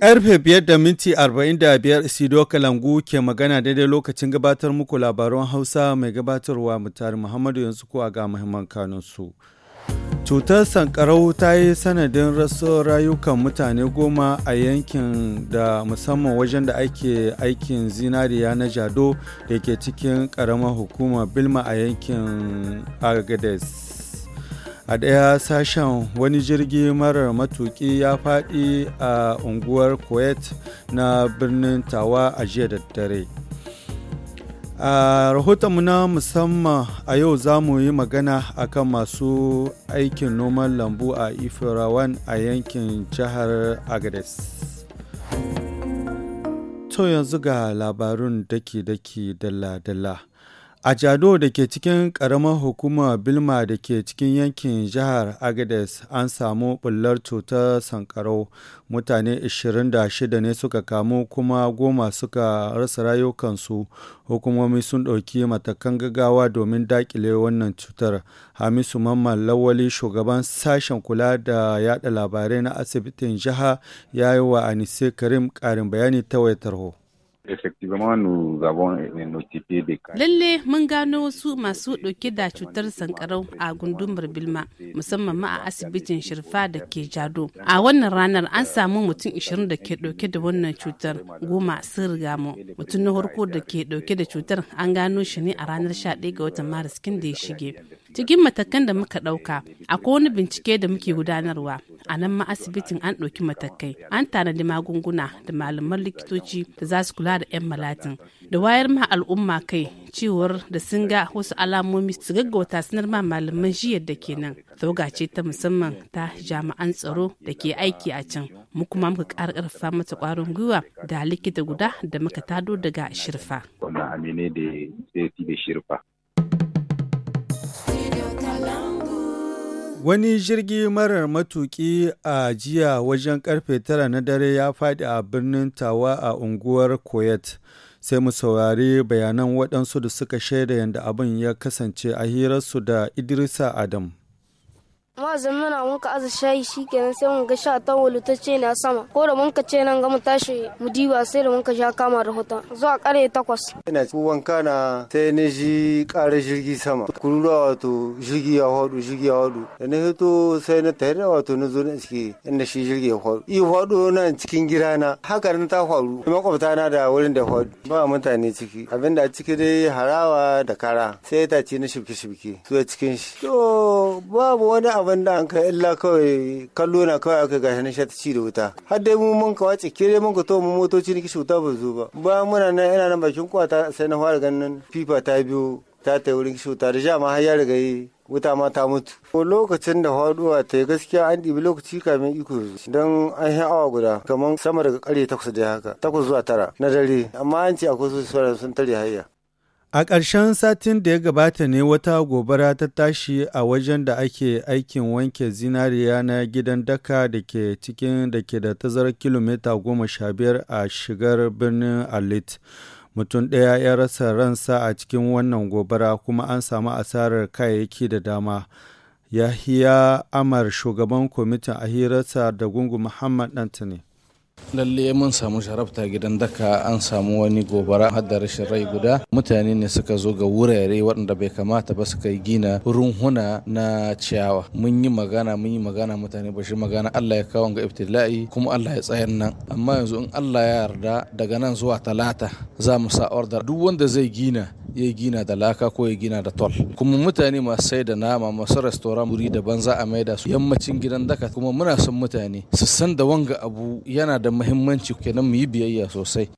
Karfe biyar da minti arba'in da biyar Isido Kalangu ke magana daidai lokacin gabatar muku labaran Hausa mai gabatarwa mutari Muhammadu yanzu ko ga muhimman kanunsu. Cutar sankarau ta yi sanadin rasu rayukan mutane goma a yankin da musamman wajen da ake aikin zinariya na Jado da ke cikin ƙaramar hukumar Bilma a yankin agades a ɗaya sashen wani jirgi marar matuki ya faɗi a unguwar kuwait na birnin tawa a jiya da dare a rahotonmu na musamman a yau za mu yi magana akan masu aikin noman lambu a ifirawan a yankin jihar agades to yanzu ga labarun daki-daki dalla-dalla A Jado da ke cikin ƙaramar hukumar Bilma da ke cikin yankin jihar Agades an samu bullar cutar sankarau. Mutane 26 ne suka kamu kuma goma suka rasa rayukansu. Hukumomi sun ɗauki matakan gaggawa domin daƙile wannan cutar. Hamisu Mamman Lawali shugaban sashen kula da yada labarai na asibitin jiha ya yi wa Anise Karim ƙarin bayani ta wayar Eh, Lalle mun gano wasu masu ɗauke da cutar sankarau a gundumar Bilma musamman ma a asibitin Shirfa da ke Jado. A wannan ranar an samu mutum 20 da ke ɗauke da wannan cutar goma sun riga mu. Mutum na farko da ke ɗauke da cutar an gano shi ne a ranar 11 ga watan Maris kin da ya shige. Cikin matakan da muka ɗauka, akwai wani bincike da muke gudanarwa. A nan ma asibitin an ɗauki matakai, an tanadi magunguna da malaman likitoci da za su kula da 'yan malatin. Da wayar ma al'umma kai cewar da sun ga wasu alamomi su gaggauta sanar ma malaman jiyar da ke nan, ce ta musamman ta jami'an tsaro da ke aiki a can. Mu kuma muka ƙara ƙarfafa mata ƙwarin gwiwa da likita guda da muka tado daga shirfa. Wannan shirfa. Wani jirgi marar matuki a jiya wajen karfe tara na dare ya faɗi a birnin Tawa a unguwar Koyet. Sai mu saurari bayanan waɗansu da suka shaida yadda abin ya kasance a hirarsu da Idrisa Adam. ma zama na mun ka aza shayi shikenan sai mun ga sha ta ce na sama ko da mun ka ce nan ga mu tashi mu diba sai da mun ka sha kama da hoton zuwa kare takwas ina ku wanka na sai ni ji kare jirgi sama kururuwa wato jirgi ya hadu jirgi ya hadu da na hito sai na tare wato na zo na ciki inda shi jirgi ya hadu i hadu nan cikin gida na haka nan ta faru makwabta na da wurin da hadu ba mutane ciki abinda a ciki dai harawa da kara sai ta ci na shibki shibki su cikin shi to babu wani abin da an kai illa kawai kallo na kawai aka gashi na shata ci da wuta har dai mu mun ka wace dai mun ka to mu motoci ne kishi wuta ba zo ba bayan muna nan ina nan bakin kwata sai na fara ganin fifa ta biyo ta ta wurin kishi wuta da ja ma har ya riga yi wuta ma ta mutu. ko lokacin da faduwa ta yi gaskiya an ɗibi lokaci kamin iko don an yi awa guda kamar sama daga ƙarfe takwas da haka takwas zuwa tara na dare amma an ce akwai su sun tare hayya. A ƙarshen satin da ya gabata ne wata gobara ta tashi a wajen da ake aikin wanke zinariya na gidan daka da ke cikin da ke da tazarar kilomita goma sha biyar a shigar birnin Alit. Mutum ɗaya ya rasa ransa a cikin wannan gobara kuma an samu asarar kayayyaki da dama. Yahiya Amar shugaban kwamitin a hirarsa da gungu Muhammad anthony. lalle mun samu sharafta gidan daka an samu wani gobara har da rashin rai guda mutane ne suka zo ga wurare waɗanda bai kamata ba suka yi gina runhuna na ciyawa mun yi magana mun yi magana mutane ba shi magana Allah ya kawo ga ibtila'i kuma Allah ya tsayar nan amma yanzu in Allah ya yarda daga nan zuwa talata za mu sa order duk wanda zai gina ya gina da laka ko ya gina da tol kuma mutane masu sai da nama masu restoran wuri daban za a maida su yammacin gidan daka kuma muna son mutane su san da wanga abu yana da muhimmanci kenan mu yi biyayya sosai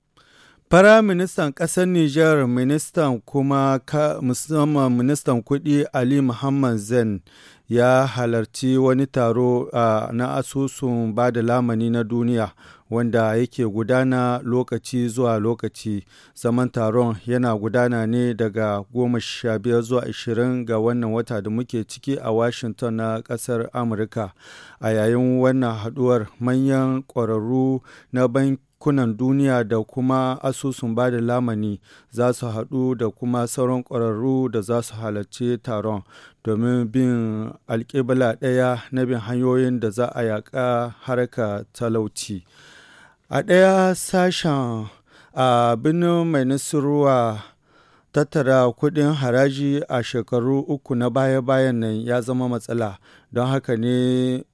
Firaministan ƙasar Nijar, ministan kuma musamman ministan kuɗi Ali Muhammad Zain ya halarci wani taro na asusun ba da lamani na duniya wanda yake gudana lokaci zuwa lokaci. Zaman taron yana gudana ne daga goma sha biyar zuwa ashirin ga wannan wata da muke ciki a Washington na ƙasar Amurka. A yayin wannan haɗuwar manyan ƙwararru na banki kunan duniya da kuma asusun ba da lamani za su haɗu da kuma sauran ƙwararru da za su halarci taron domin bin alƙibla ɗaya na bin hanyoyin da za a yaƙa harka talauci a ɗaya sashen a birnin mai nasarwa tattara kuɗin haraji a shekaru uku na baya-bayan nan ya zama matsala don haka ne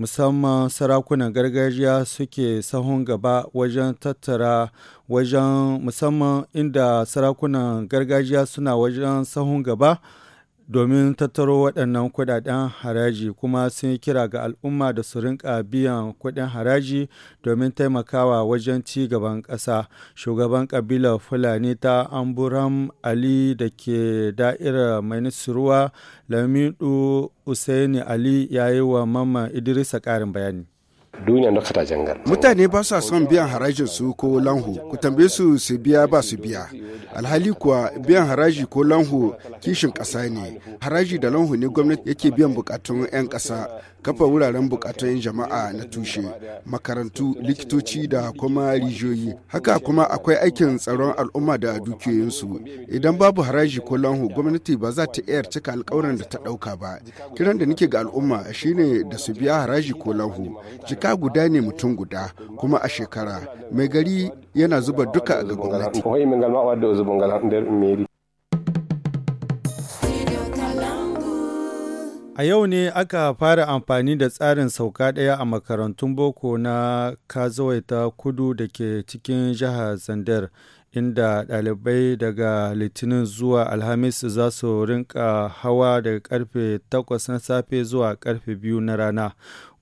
musamman sarakunan gargajiya suke sahun gaba wajen tattara wajen musamman inda sarakunan gargajiya suna wajen sahun gaba domin tattaro waɗannan kudaden haraji kuma sun yi kira ga al'umma da su rinka biyan kuɗin haraji domin taimakawa wajen ci gaban ƙasa shugaban ƙabilar fulani ta amburam ali da ke da'irar mainisuruwa lamidu usaini ali ya yi wa mamman idrisa ƙarin bayani duniya da kata jangar. Mutane ba sa son biyan harajin su ko lanhu, ku tambaye su su biya ba su biya. Alhali kuwa biyan haraji ko lanhu kishin ƙasa ne, haraji da lanhu ne gwamnati yake biyan bukatun 'yan ƙasa. kafa wuraren bukatun jama'a na tushe makarantu likitoci da kuma rijiyoyi haka kuma akwai aikin tsaron al'umma da dukiyoyinsu idan babu haraji ko lanhu gwamnati ba za ta iya cika alkawarin da ta dauka ba kiran da nake ga al'umma shine da su biya haraji ko lanhu jika guda ne mutum guda kuma a shekara mai gari yana zuba duka ga gwamnati A yau ne aka fara amfani da tsarin sauka ɗaya a makarantun boko na Kazawai kudu da ke cikin jihar Zandar, inda ɗalibai daga Litinin zuwa Alhamis za su rinka hawa daga karfe 8 na safe zuwa karfe 2 na rana.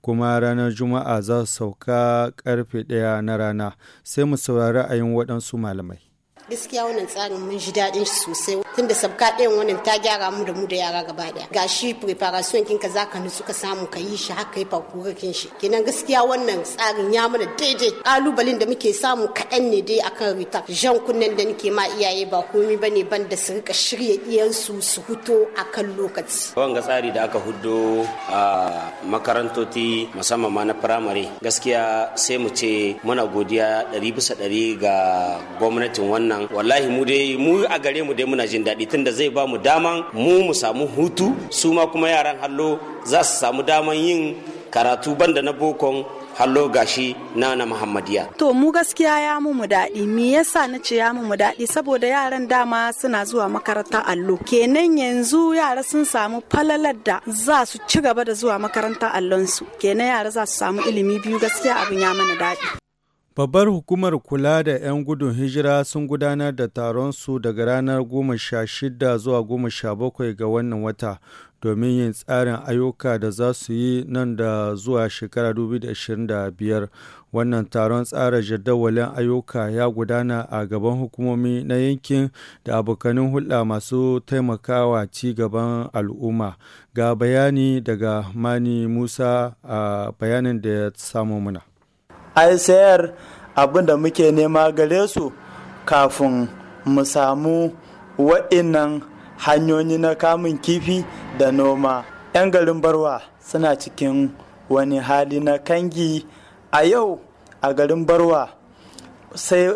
kuma ranar Juma'a za su sauka karfe daya na rana, sai mu saurari ra'ayin waɗansu malamai. gaskiya wannan tsarin mun ji daɗin shi sosai tunda sabka ɗayan wannan ta gyara mu da mu da yara gaba ɗaya ga shi preparation kinka za ka nutsu ka samu ka yi shi haka yi fakura shi kenan gaskiya wannan tsarin ya mana daidai kalubalen da muke samu kaɗan ne dai akan rita jan kunnen da nake ma iyaye ba komi ba ne ban da su rika shirya iyansu su huto a kan lokaci. wanga tsari da aka hudo a makarantoti musamman ma na firamare gaskiya sai mu ce muna godiya ɗari bisa ɗari ga gwamnatin wannan nan wallahi mu dai mu a gare mu dai muna jin daɗi tunda zai ba mu daman mu mu samu hutu su ma kuma yaran hallo za su samu daman yin karatu banda na bokon hallo gashi na na muhammadiya to mu gaskiya ya mu daɗi me yasa na ce ya mu daɗi saboda yaran dama suna zuwa makarantar allo kenan yanzu yara sun samu falalar da za su ci gaba da zuwa makarantar allon su kenan yara za su samu ilimi biyu gaskiya abin ya mana daɗi Babbar hukumar kula da 'yan gudun hijira sun gudanar da taron su daga ranar 16 zuwa 17 ga wannan wata domin yin tsarin ayyuka da za su yi nan da zuwa shekara 2025. Wannan taron tsara jadawalin ayyuka ya gudana a gaban hukumomi na yankin da abokanin hulɗa masu taimakawa ci gaban al'umma. Ga bayani daga Mani Musa a bayanin da ya samu muna. ai sayar abin da muke nema gare su kafin mu samu wa'innan hanyoyi na kamun kifi da noma 'yan garin barwa suna cikin wani hali na kangi a yau a garin barwa sai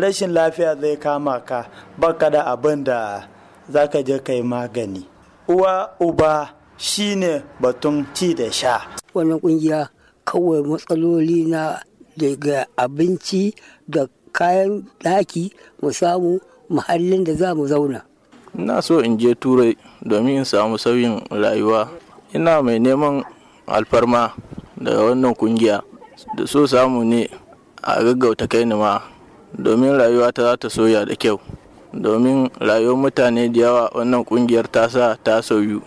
rashin lafiya zai kama ka baka da abin da za ka je kai magani uwa uba shine batun ci da sha wannan kungiya kawai matsaloli na daga abinci da kayan ɗaki mu samu muhallin da za mu zauna. Ina so in je turai domin in samu sauyin rayuwa. Ina mai neman alfarma daga wannan kungiya da so samu ne a gaggauta kai ni ma domin rayuwa ta za ta soya da kyau domin rayuwar mutane da yawa wannan kungiyar ta sa ta sauyu.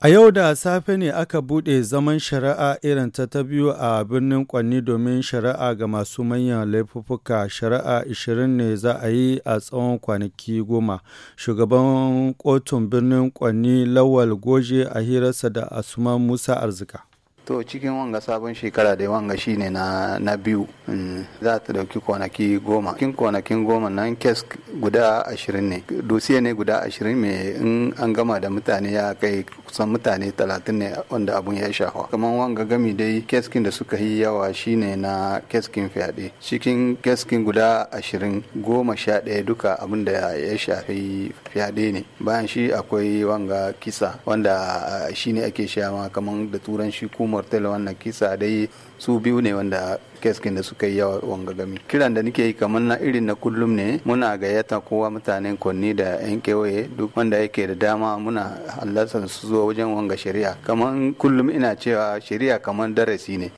A yau da safe ne aka buɗe zaman shari'a irin ta ta biyu a birnin Kwanni domin shari'a ga masu manyan laifuffuka. Shari'a 20 ne za a yi a tsawon kwanaki goma. Shugaban kotun birnin Kwanni Lawal Goje a hirarsa da Asuman Musa Arzika. to cikin wanga sabon shekara da wanga shine na na biyu mm, za ta dauki kwanaki goma cikin kwanakin goma nan kes guda ashirin ne dosiye ne guda ashirin mai in an gama da mutane ya kai kusan mutane talatin ne wanda abun ya shafa kamar wanga gami dai keskin da suka yi yawa shine na keskin fyaɗe cikin keskin guda ashirin goma sha ɗaya duka abun da ya shafi fyaɗe ne bayan shi akwai wanga kisa wanda ah, shine ake sha ma kamar da turanci kuma martala wannan kisa dai su biyu ne wanda keskin da suka yi yawa wanga gami kiran da nake yi kamar na irin na kullum ne muna gayyata kowa mutanen kwanni da yan kewaye duk wanda yake da dama muna halartar su zuwa wajen wanga shari'a kamar kullum ina cewa shari'a kamar darasi ne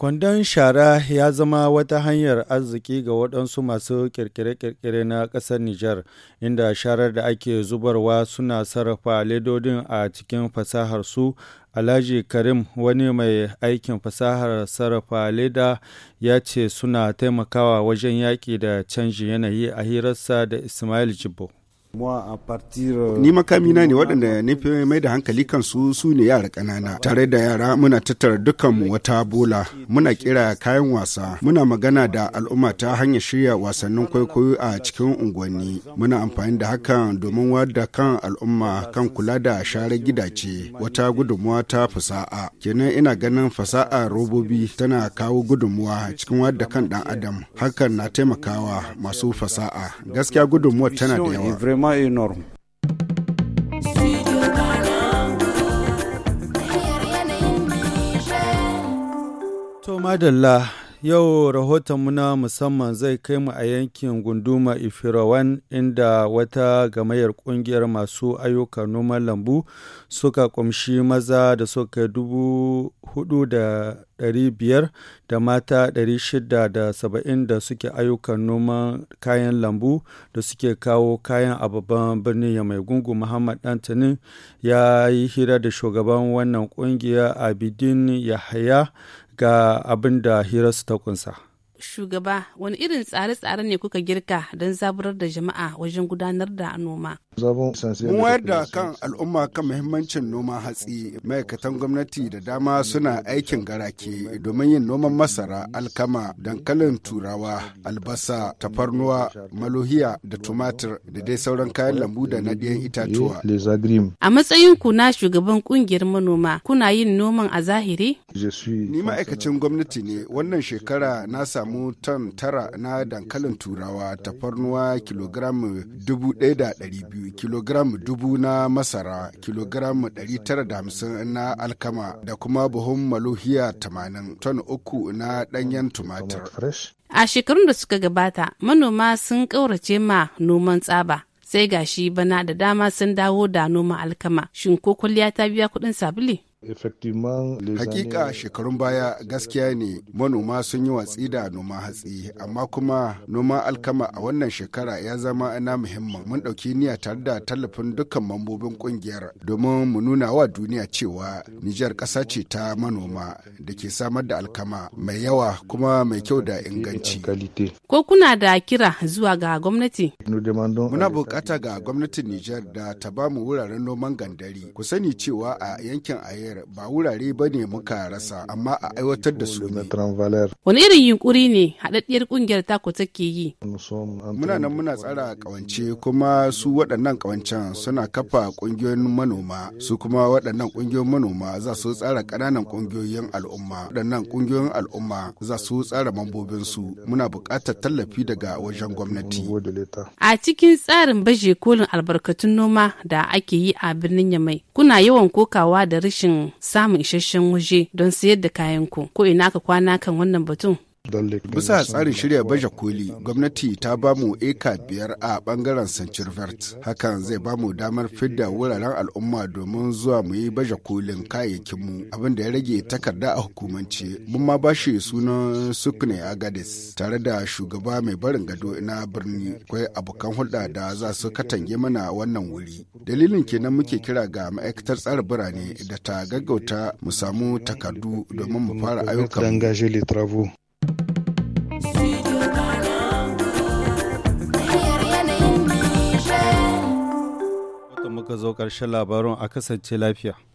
Kwandon shara ya zama wata hanyar arziki ga waɗansu masu kirkire-kirkire na ƙasar Nijar, inda sharar da ake zubarwa suna sarrafa ledodin a cikin fasahar su. Alhaji Karim, wani mai aikin fasahar sarrafa leda, ya ce suna taimakawa wajen yaƙi da canji yanayi a hirarsa da Ismail Jibbo. Ni makamina ne waɗanda nufi mai da hankali kan su su ne yara ƙanana. Tare da yara muna tattara dukkanmu wata bola, muna kira kayan wasa, muna magana da al'umma ta hanyar shirya wasannin kwaikwayo a cikin unguwanni. Muna amfani da hakan domin wada kan al'umma kan kula da share gidace wata gudunmuwa ta fasa'a. Kenan ina ganin fasa'a robobi tana kawo gudunmuwa cikin wada kan ɗan adam. Hakan na taimakawa masu fasa'a. Gaskiya gudunmuwa tana da yawa. élément énorme. To madalla yau rahotonmu na musamman zai kai mu a yankin gunduma Ifirawan inda wata gamayar kungiyar masu ayyukan noman lambu suka kumshi maza da suka dubu hudu da dari biyar da mata dari shida da saba'in da suke ayyukan noman kayan lambu da suke kawo kayan a babban birnin ya mai gungu Muhammad dantani ya yi hira da shugaban wannan kungiya Abidin Yahaya ga abin da su ta kunsa. Shugaba, wani irin tsare-tsare ne kuka girka don zaburar da jama'a wajen gudanar da noma? Mun da kan al'umma kan muhimmancin noman hatsi ma'aikatan gwamnati da dama suna aikin garake domin yin noman masara, alkama, dankalin turawa, albasa, tafarnuwa, malohiya da tumatir da dai sauran kayan lambu da na ɗiyan itatuwa. A matsayin ku na shugaban kungiyar manoma kuna yin noman a zahiri? Ni ma'aikacin gwamnati ne wannan shekara na samu tan tara na dankalin turawa tafarnuwa kilogram dubu ɗaya da ɗari biyu kilogram dubu na masara kilogram 950 na alkama da kuma buhun maluhiya 80 ton uku na ɗanyen tumatir. A shekarun da suka gabata manoma sun ƙaurace ma noman tsaba. Sai gashi bana da dama sun dawo da noman alkama. Shin ko kwalliya ta biya kuɗin sabili? Hakika shekarun baya gaskiya ne manoma sun yi watsi da noma hatsi amma kuma noma alkama a wannan shekara ya zama na muhimmin mun ɗauki niyya tare da tallafin dukkan mambobin ƙungiyar domin mu nuna wa duniya cewa Nijar ƙasa ce ta manoma da ke samar da alkama mai yawa kuma mai kyau da inganci. Ko kuna da kira zuwa ga gwamnati? Muna bukata ga gwamnatin Nijar da ta bamu wuraren noman gandari. Ku sani cewa a yankin Ayer Sahel ba wurare ba ne muka rasa amma a aiwatar da su ne. Wani irin yunkuri ne haɗaɗɗiyar ƙungiyar tako take yi? Muna nan muna tsara ƙawance kuma su waɗannan ƙawancen suna kafa ƙungiyoyin manoma su kuma waɗannan ƙungiyoyin manoma za su tsara ƙananan ƙungiyoyin al'umma waɗannan ƙungiyoyin al'umma za su tsara mambobin su muna buƙatar tallafi daga wajen gwamnati. A cikin tsarin baje kolin albarkatun noma da ake yi a birnin Yamai kuna yawan kokawa da rashin samun isasshen waje don sayar da kayan ku ko ina ka kwana kan wannan batun Bisa tsarin shirya baje koli, gwamnati ta ba mu eka biyar a bangaren Sancirvert. Hakan zai ba mu damar fidda wuraren al'umma domin zuwa mu yi baje kolin kayayyakinmu abin da ya rage takarda a hukumance. Mun ma ba shi sunan Sukne Agadis. tare da shugaba mai barin gado na birni akwai abokan hulɗa da za su katange mana wannan wuri. Dalilin kenan muke kira ga ma'aikatar tsara birane da ta gaggauta mu samu takardu domin mu fara ayyukan. muka zo ƙarshen labarin a kasance lafiya.